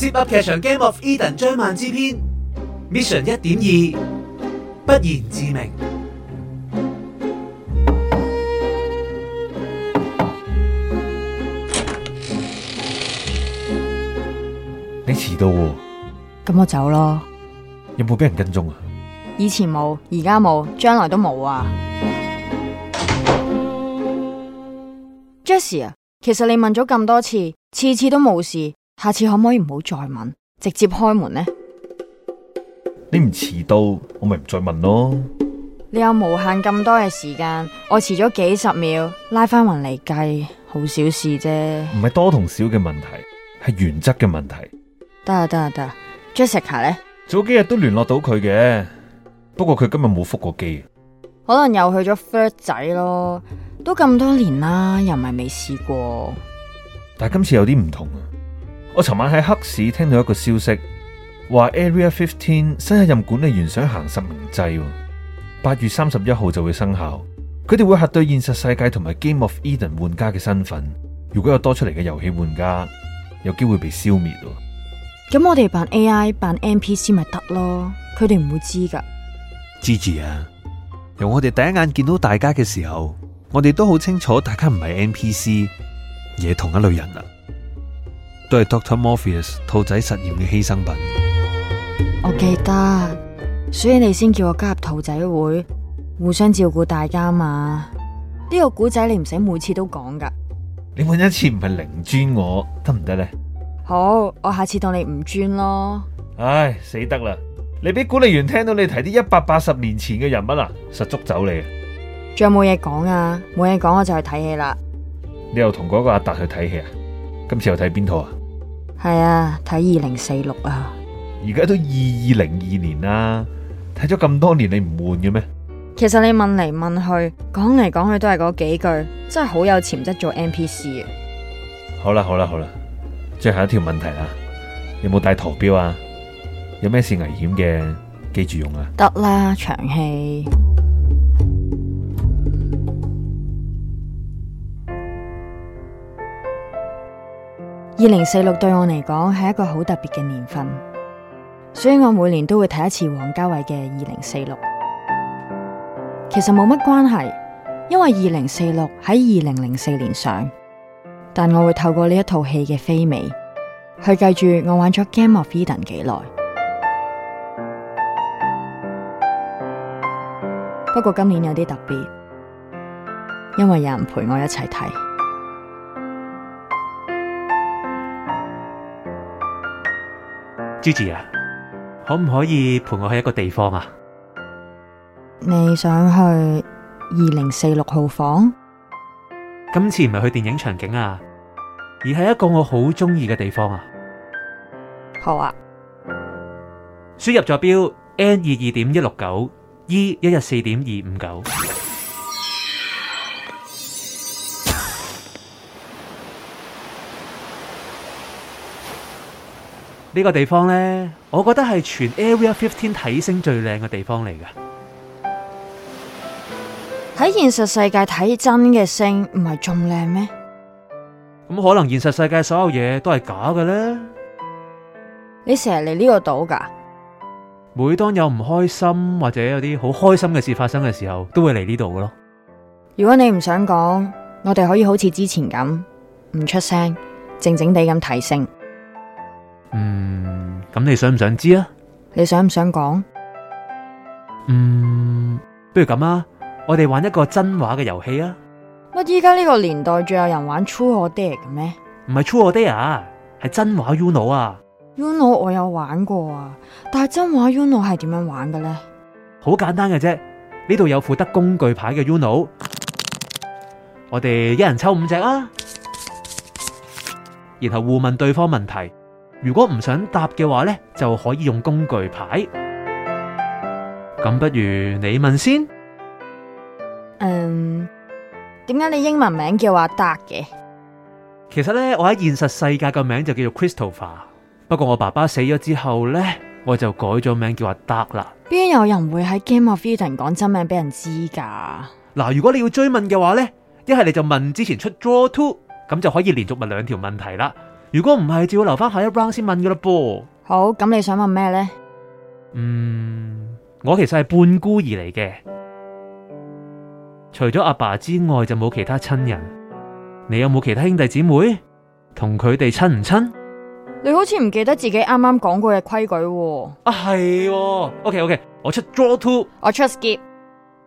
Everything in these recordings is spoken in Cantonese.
Zip 噏劇場 Game of Eden 張蔓姿篇 mission 一點二，不言自明。你遲到喎，咁我走囉。有冇俾人跟蹤啊？以前冇，而家冇，將來都冇啊。 Jessie 啊，其實你問咗咁多次，次次都冇事。下次可唔可以唔好再問，直接開門呢？你唔遲到，我咪唔再問咯。你有無限咁多嘅時間，我遲咗幾十秒，拉翻匀嚟計，好小事啫。唔係多同少嘅問題，係原則嘅問題。得啦得啦得啦，Jessica 呢？早幾日都聯絡到佢嘅，不過佢今日冇覆過機，可能又去咗 Flirt 仔咯。都咁多年啦，又唔係未試過，但係今次有啲唔同啊。我尋晚喺黑市聽到一個消息，話 Area Fifteen 新一任管理員想行實名制，八月三十一號就會生效。佢哋會核對現實世界同埋 Game of Eden 玩家嘅身份，如果有多出嚟嘅遊戲玩家，有機會被消滅。咁我哋扮 AI 扮 NPC 咪得咯，佢哋唔會知噶。Gigi 啊，由我哋第一眼見到大家嘅時候，我哋都好清楚大家唔係 NPC，而係同一類人啊。都係 Doctor Morpheus 兔仔實驗嘅犧牲品。我記得，所以你先叫我加入兔仔會，互相照顧大家嘛。呢、這個古仔你唔使每次都講噶。你搵一次唔係零專我，得唔得咧？好，我下次當你唔專咯。唉，死得啦！你俾管理員聽到你提啲一百八十年前嘅人物啊，實捉走你啊！仲有冇嘢講啊？冇嘢講，我就去睇戲啦。你又同嗰個阿達去睇戲啊？今次又睇邊套啊？係啊，睇二零四六啊！而家都二二零二年啦，睇咗咁多年，你唔悶嘅咩？其實你問嚟問去，講嚟講去都係嗰幾句，真係好有潛質做 NPC 嘅。好啦好啦好啦，最後一條問題啦，有冇帶陀錶啊？有咩事危險嘅，記住用啊！得啦，長氣。二零四六對我嚟講係一個好特別嘅年份，所以我每年都會睇一次王家衛嘅《二零四六》。其實冇乜關係，因為二零四六喺二零零四年上，但我會透過呢一套戲嘅飛尾去計住我玩咗《Game of Eden》幾耐。不過今年有啲特別，因為有人陪我一齊睇。Gigi 啊，可唔可以陪我去一個地方啊？你想去二零四六號房？今次唔係去電影場景啊，而係一個我好中意嘅地方啊！好啊，輸入坐標 N 二二點一六九 E 一一四點二五九。呢個地方呢，我覺得係全 Area 15睇星最靚嘅地方嚟嘅。喺現實世界睇真嘅星，唔係仲靚咩？咁、嗯、可能現實世界所有嘢都係假嘅咧。你成日嚟呢個島噶？每當有唔開心或者有啲好開心嘅事發生嘅時候，都會嚟呢度咯。如果你唔想講，我哋可以好似之前咁唔出聲，靜靜地咁睇星。嗯，咁你想唔想知啊？你想唔想講？嗯，不如咁啊，我哋玩一個真話嘅遊戲啊！乜依家呢個年代仲有人玩 True or Dare 嘅咩？唔係 True or Dare，係真話 Uno 啊！Uno 我有玩過啊，但係真話 Uno 係點樣玩嘅咧？好簡單嘅啫，呢度有副得工具牌嘅 Uno，我哋一人抽五隻啊，然後互問對方問題。如果唔想答嘅話咧，就可以用工具牌。咁不如你問先。嗯，點解你英文名叫阿 Dark 嘅？其實咧，我喺現實世界嘅名就叫做 Christopher。不過我爸爸死咗之後咧，我就改咗名叫阿 Dark 啦。邊有人會喺 Game of Eden 講真名俾人知噶？嗱，如果你要追問嘅話咧，一係你就問之前出 Draw Two，咁就可以連續問兩條問題啦。如果唔係，就要留翻下，下一 round 先問噶啦噃，好，咁你想問咩咧？嗯，我其實係半孤兒嚟嘅，除咗阿爸，爸之外就冇其他親人。你有冇其他兄弟姊妹？同佢哋親唔親？你好似唔記得自己啱啱講過嘅規矩喎。啊係、啊、，OK OK，我出 draw two，我出 skip，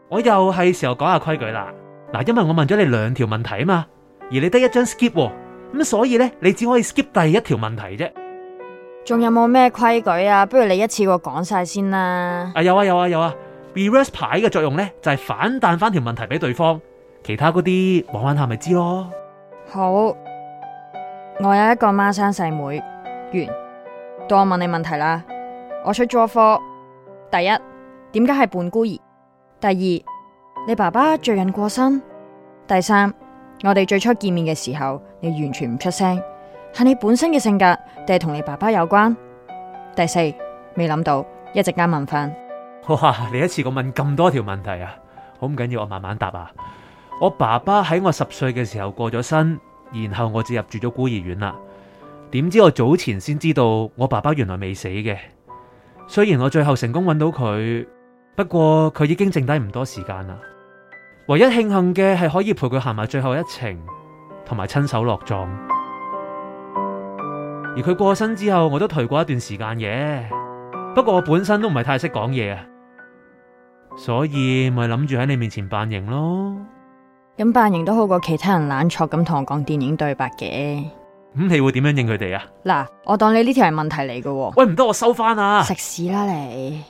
我又係時候講下規矩啦。嗱、啊，因為我問咗你兩條問題啊嘛，而你得一張 skip、啊。咁所以咧，你只可以 skip 第一條問題啫。仲有冇咩規矩啊？不如你一次過講晒先啦。啊，有啊，有啊，有啊。Reverse 牌嘅作用咧，就係、是、反彈翻條問題俾對方。其他嗰啲玩玩下咪知咯。好，我有一個孖生細妹，妹。完，到我問你問題啦。我出咗科，第一，點解係半孤兒？第二，你爸爸最近過身？第三，我哋最初見面嘅時候。你完全唔出聲，係你本身嘅性格，定係同你爸爸有關？第四未諗到，一陣間問返。哇！你一次過問咁多條問題啊，好唔緊要，我慢慢答啊。我爸爸喺我十歲嘅時候過咗身，然後我就入住咗孤兒院啦。點知我早前先知道我爸爸原來未死嘅。雖然我最後成功揾到佢，不過佢已經剩低唔多時間啦。唯一慶幸嘅係可以陪佢行埋最後一程。同埋親手落葬，而佢過身之後，我都頹過一段時間嘅。不過我本身都唔係太識講嘢啊，所以咪諗住喺你面前扮型咯。咁扮型都好過其他人懶錯咁同我講電影對白嘅。咁你會點樣應佢哋啊？嗱，我當你呢條係問題嚟嘅。喂，唔得，我收翻啊！食屎啦你！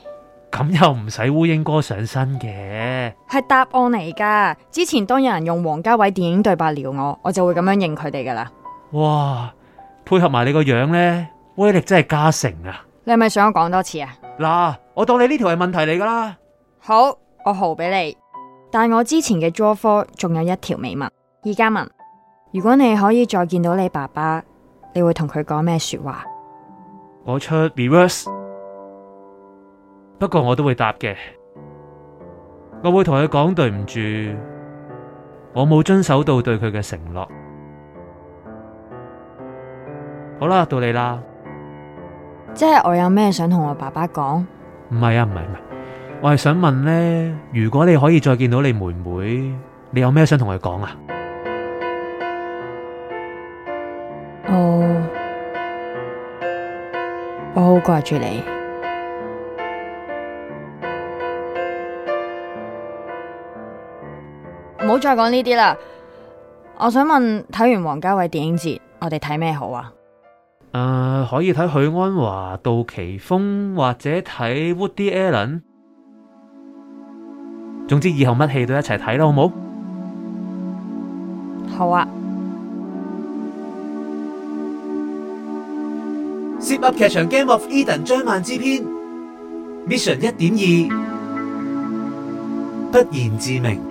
咁又唔使烏蠅哥上身嘅，係答案嚟噶。之前當有人用王家衛電影對白撩我，我就會咁樣應佢哋噶啦。哇，配合埋你個樣呢，威力真係加成啊！你係咪想我講多次啊？嗱，我當你呢條係問題嚟噶啦。好，我號俾你，但我之前嘅 draw four 仲有一條未問。而家問，如果你可以再見到你爸爸，你會同佢講咩說話？我出 reverse 不過我都會答嘅，我會同佢講對唔住，我冇遵守到對佢嘅承諾。好啦，到你啦，即係我有咩想同我爸爸講？唔係啊，唔係唔係，我係想問呢：如果你可以再見到你妹妹，你有咩想同佢講啊？哦，我好掛住你。唔好再講呢啲啦，我想問睇完王家衛電影節，我哋睇咩好啊？誒、呃，可以睇許鞍華、杜琪峰，或者睇 Woody Allen。總之以後乜戲都一齊睇啦，好唔好？好啊。Zip 噏劇場 Game of Eden 張蔓姿篇 Mission 一點二，不言自明。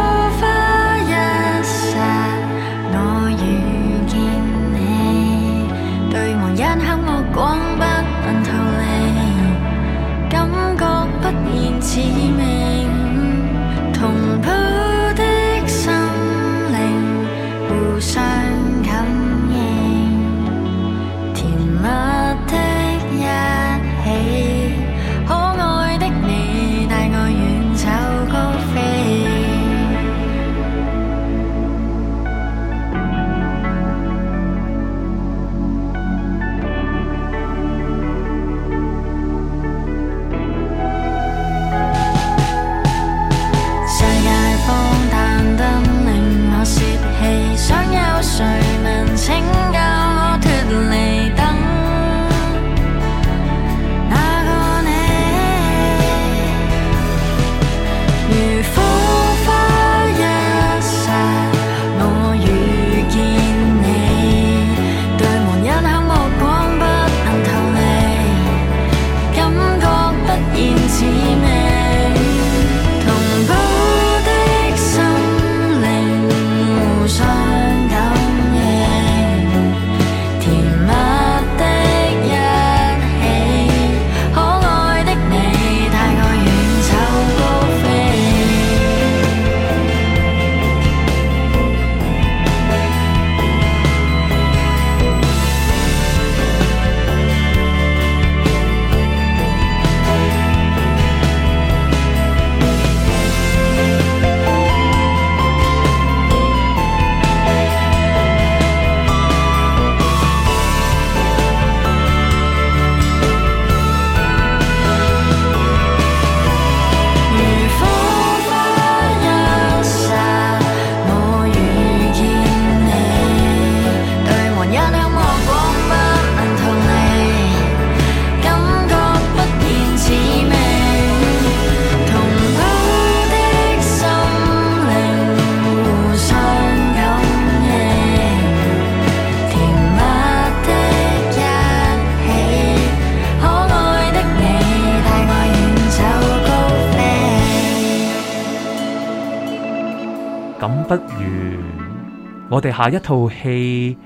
我哋下一套戲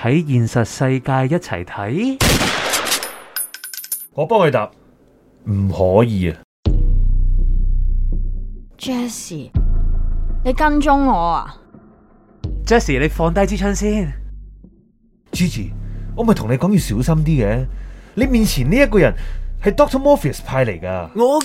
喺現實世界一齊睇，我幫佢答，唔可以啊，Jessie，你跟蹤我啊，Jessie，你放低支槍先，Gigi，我咪同你講要小心啲嘅，你面前呢一個人係 Doctor Morpheus 派嚟噶，我。